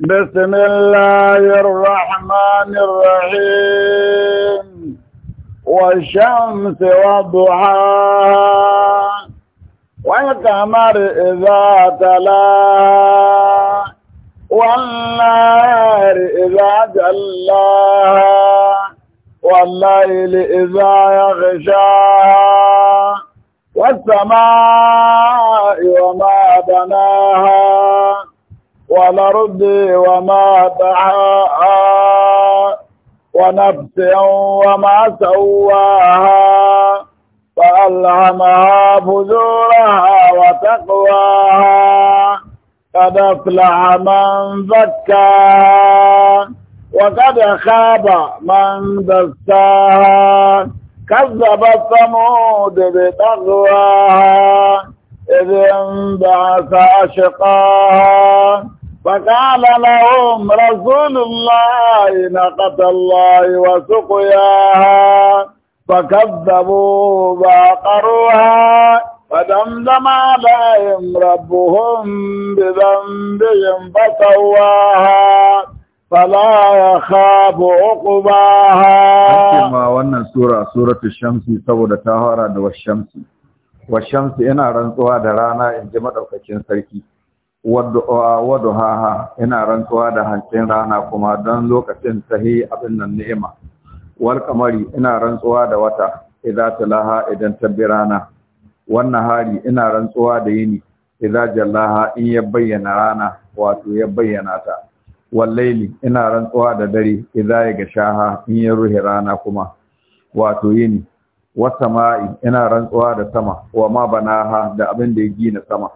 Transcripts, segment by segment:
بسم الله الرحمن الرحيم والشمس وضحاها والقمر إذا تلاها والنار إذا جلاها والليل إذا يغشاها والسماء وما بناها والأرض وما دعاها ونفس وما سواها فألهمها فجورها وتقواها قد أفلح من زكاها وقد خاب من دساها كذب الثمود بتقواها إذ انبعث أشقاها فقال لهم رسول الله نقة الله وسقياها فكذبوا فعقروها فدمدم عليهم ربهم بذنبهم فسواها فلا يخاف عقباها ما wannan sura suratul shamsi saboda ta hara da washamsi washamsi yana rantsuwa da rana in ji madaukakin sarki wadda uh, haha ina rantsuwa da hancin rana kuma don lokacin sahi abin nan ni'ima wal kamari ina rantsuwa da wata idza talaha idan tabbirana rana wannan hari ina rantsuwa da yini idza jallaha in ya bayyana rana wato ya bayyana ta wal laili ina rantsuwa da dare idza ya gashaha in ya ruhi rana kuma wato yini wasama'i ina rantsuwa da sama wa ma banaha da abin da ya gina sama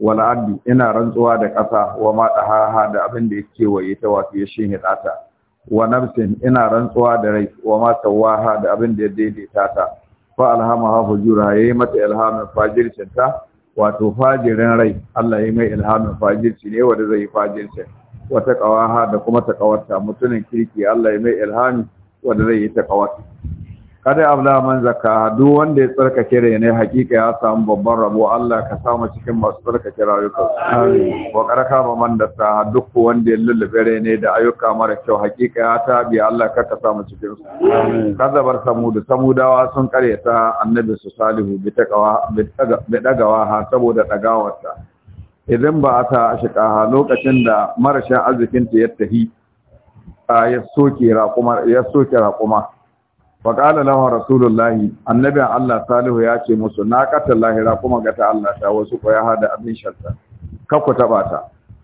wal abdi ina rantsuwa da ƙasa wa ma dahaha da abin da yake waye ta wato ya shine hidata wa nafsin ina rantsuwa da rai wa ma sawaha da abin da ya daidaita ta fa alhamaha fujura yayi mata ilhamin fajircin ta wato fajirin rai Allah yayi mai ilhamin fajirci ne wanda zai fajirci wata qawaha da kuma ta taqawarta mutumin kirki Allah yayi mai ilhami wanda zai yi taqawarta kada abla man zakka duk wanda ya tsarkake da ne hakika ya samu babban rabo Allah ka samu cikin masu tsarkake rayukan amin wa karaka ba man da sa duk wanda ya lullube ne da ayyuka mara kyau hakika ya bi Allah ka ka samu cikin su amin kazabar samud samudawa sun ta annabi su salihu bi takawa bi dagawa ha saboda ɗagawarta idan ba ta ha lokacin da marashin arzikin ta ya tahi ya soke raƙuma ya soke raƙuma fa qala lahu rasulullahi annabin Allah salihu ya ce musu na katar lahira kuma ga ta Allah ta wasu ko ya hada abin sharta ka taba ta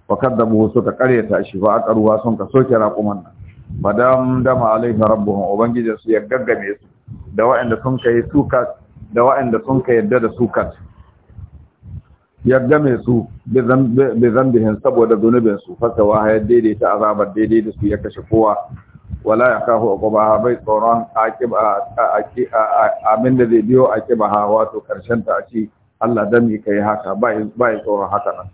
fa kaddabu suka karyata shi fa ruwa sun ka soke raquman nan madam dama alaihi rabbuhum ubangijin su ya gaggame su da waɗanda sun yi da wa'anda sun ka yadda da ya game su bi zambihin saboda fasawa ya daidaita azabar daidai da su ya kashe kowa wala ya kahu uqubaha bai tsoron abin da zai biyo aqibaha wato karshen ta ci Allah dan mi kai haka Ba ya tsoron haka nan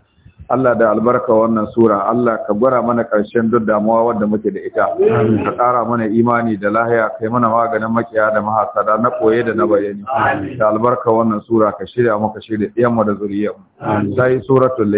Allah da albarka wannan sura Allah ka gwara mana karshen duk damuwa wanda muke da ita ka ƙara mana imani da lahiya kai mana maganin makiya da mahasada na koye da na bayani da albarka wannan sura ka shirya maka shirya yamma da zuriyarmu sai suratul